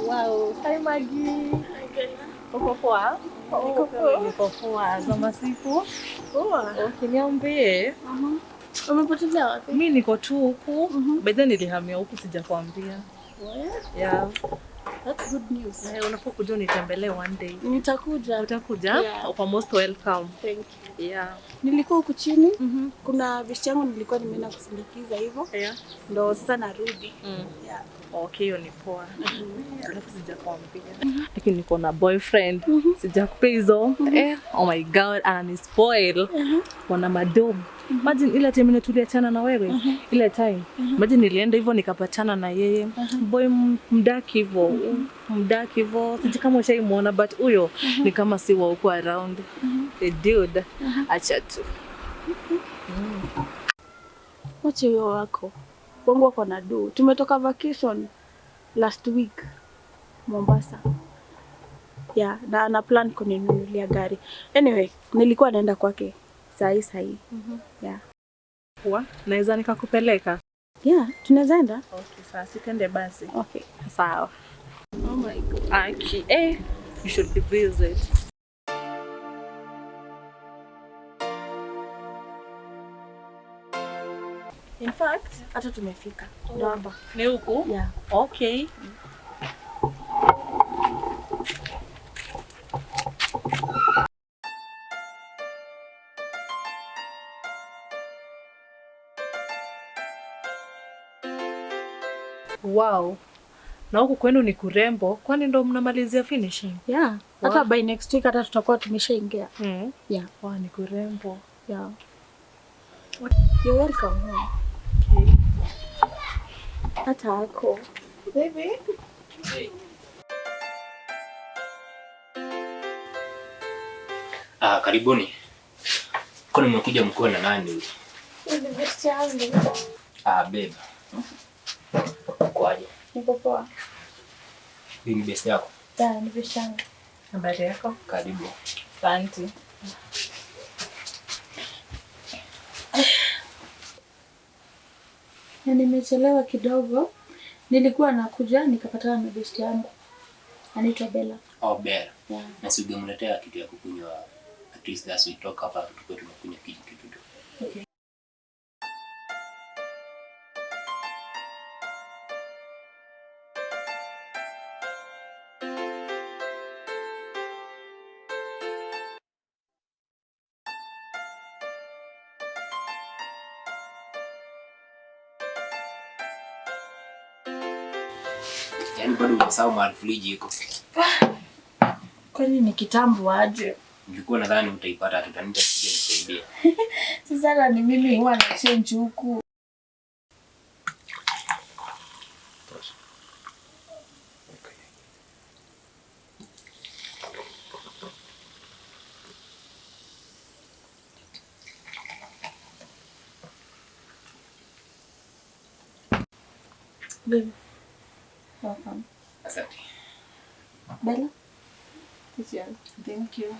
Wow. Hi Maggie. Uko poa? Niko poa. Za Poa. Mhm. Uh-huh. Umepotelea wapi? Mimi niko tu huku. Uh-huh. By the nilihamia huku sijakwambia. Yeah. That's good news. Eh, unapokuja unitembelee one day. Nitakuja. Utakuja? Yeah. Uko most welcome. Thank you. Yeah. Nilikuwa huku chini. Mm -hmm. Kuna vishi yangu nilikuwa nimeenda kusindikiza hivyo. Yeah. Ndio sasa narudi. Mm. Yeah. Okay, hiyo ni poa. Mm-hmm. Alafu sijakwambia. Mm-hmm. Lakini niko na boyfriend. Mm -hmm. Sijakupea hizo. Mm -hmm. Eh, oh my God, ananispoil. Mm -hmm. Mwana madomu. Mm -hmm. Imagine ile time tuliachana na wewe. Mm -hmm. Ile time. Mm -hmm. Imagine nilienda hivyo nikapatana na yeye. Mm -hmm. Boy mdaki hivyo. Mm -hmm mdaki mm-hmm. mm-hmm. hivyo, sijui kama ushaimuona, but huyo mm-hmm. ni kama si wa huko around the dude. Acha tu wache huyo wako wangu wako na do. Tumetoka vacation last week Mombasa ya na ana plan kuninunulia gari. Anyway, nilikuwa naenda kwake sahi sahi. mm -hmm. yeah. Poa, naweza nikakupeleka? Yeah, tunaweza enda. Okay, sawa, sikende basi. Okay, sawa. Aki, eh, you should visit. In fact, hata tumefika. Ndio hapa. Ni huko? Yeah. Okay. Wow na huku kwenu ni kurembo, kwani ndo mnamalizia finishing? Yeah. Hata by next week hata tutakuwa tumeshaingia. Mm. Yeah. Wow, ni kurembo. Yeah. You're welcome. Okay. Hata ako. Baby. Hey. Ah, karibuni. Kwani mmekuja mkuwa na nani? Ah, beba. Kwaje? Niko poa. Hii ni besi yako? Ya, ni besi yangu. Habari yako? Karibu. Asante. Na nimechelewa kidogo, nilikuwa nakuja nikapatana na besti yangu anaitwa Bella. Oh, Bella. Yeah. Na si ungemletea kitu ya kukunywa, at least as we talk hapa tukue tunakunywa kitu kitu. Okay. Yaani bado umesahau mahali friji iko. Kwani ni kitambo aje? Nilikuwa nadhani utaipata hata utanita sije nisaidie. Sasa ni mimi huwa na change huku. Baby. Welcome. Asante. Bella? It's yours. Thank you.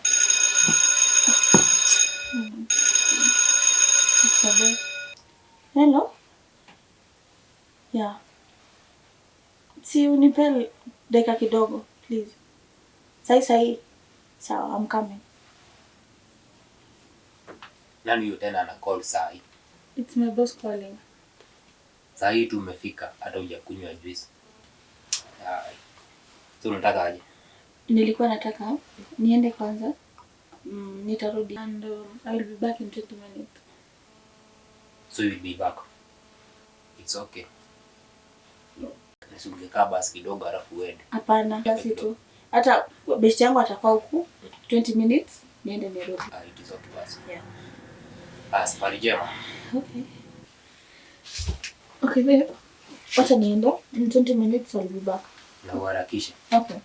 Mm. Mm-hmm. It's Hello? Yeah. Si unipe dakika kidogo, please. Sai sai. Sawa, I'm coming. Nani yule tena ana call sai? It's my boss calling. Sai tu umefika hata hujakunywa juice. Ah, tu Unataka aje? Nilikuwa nataka niende kwanza, mm, nitarudi and uh, I will be back in 20 minutes. So you'll be back. It's okay. No. Ungekaa basi kidogo alafu uende. Hapana, basi tu. Hata best yangu atakuwa huku 20 minutes niende nirudi. Ah, it is okay basi. Yeah. Ah, safari njema. Okay. Okay, babe. Wacha niende. In 20 minutes I'll be back. la Guaraquilla. Okay.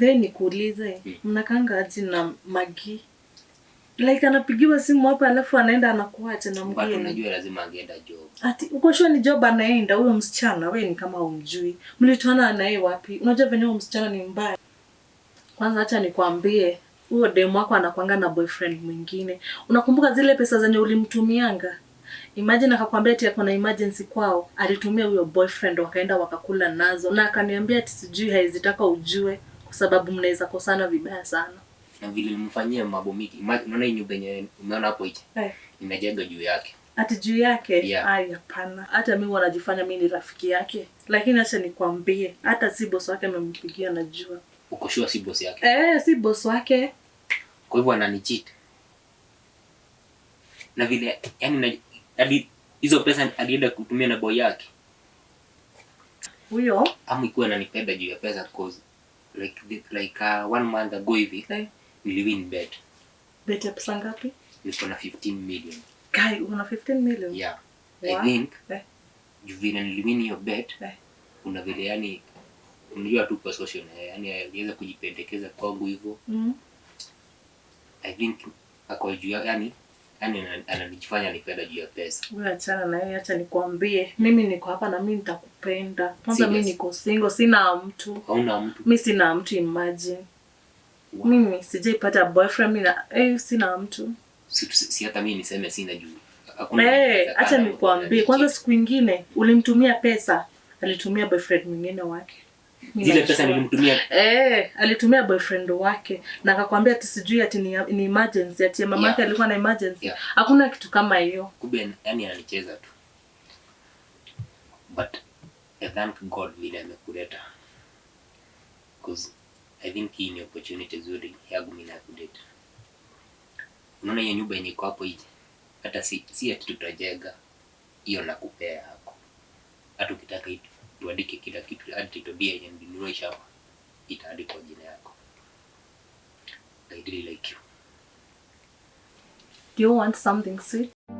the nikuulize, hmm. mnakanga aje na Magi? Like anapigiwa simu hapa alafu anaenda anakuwa na mgeni. Unajua lazima angeenda job. Ati ukoshua ni job anaenda huyo msichana, wewe ni kama umjui. Mlitoana naye wapi? Unajua venye huyo msichana ni mbaya. Kwanza acha nikwambie, huyo demu wako anakuanga na boyfriend mwingine. Unakumbuka zile pesa zenye ulimtumianga? Imagine akakwambia ti ako na emergency kwao, alitumia huyo boyfriend wakaenda wakakula nazo na akaniambia ti sijui haizitaka ujue kwa sababu mnaweza kosana vibaya sana. Na vile nimfanyia mambo mabomiki, unaona hii nyumba yenyewe umeona hapo hichi hey. Eh. Inajenga juu yake ati juu yake yeah. Ai, hapana, hata mimi wanajifanya mimi ni rafiki yake, lakini acha nikwambie, hata si boss wake amempigia. Najua uko sure si boss yake eh? Si boss wake, kwa hivyo ananicheat na vile yani, na hizo pesa alienda kutumia na boy yake huyo, amikuwa ananipenda juu ya pesa cause like like uh, one month ago hivi hey. Niliwin bet bet ya pesa ngapi? Niko na 15 million guy. Una 15 million? Yeah, wow. I think hey. Eh. Juvina niliwin your bet hey. Eh. una vile yani, unajua tu kwa social eh, yani, aliweza kujipendekeza kwangu hivyo mm. I think akajua yani yani ananifanya nipenda juu ya pesa. Wewe achana na yeye, acha nikwambie, mimi niko hapa na mimi nitakupenda. Kwanza mimi niko single, sina mtu. Hauna mtu? Mimi sina mtu, imagine. Wow. Mimi sijaipata boyfriend mimi na eh, sina mtu. Si, si hata mimi niseme sina juu. Hakuna. Eh, acha nikwambie, kwanza siku nyingine ulimtumia pesa, alitumia boyfriend mwingine wake zile pesa nilimtumia eh, alitumia boyfriend wake na akakwambia ati sijui ati ni, ni emergency ati mama yake yeah. alikuwa na emergency yeah. Hakuna kitu kama hiyo kumbe, yani alicheza tu, but I thank God vile amekuleta, cause I think hii ni opportunity nzuri yangu mimi na kudate. Unaona hiyo nyumba yenye iko hapo hivi, hata si si ati tutajenga hiyo, nakupea hapo hata ukitaka hiyo tuandike kila kitu hadi yaani tabia yenye nilinyoisha hapa itaandikwa jina yako. I really like you. Do you want something sweet?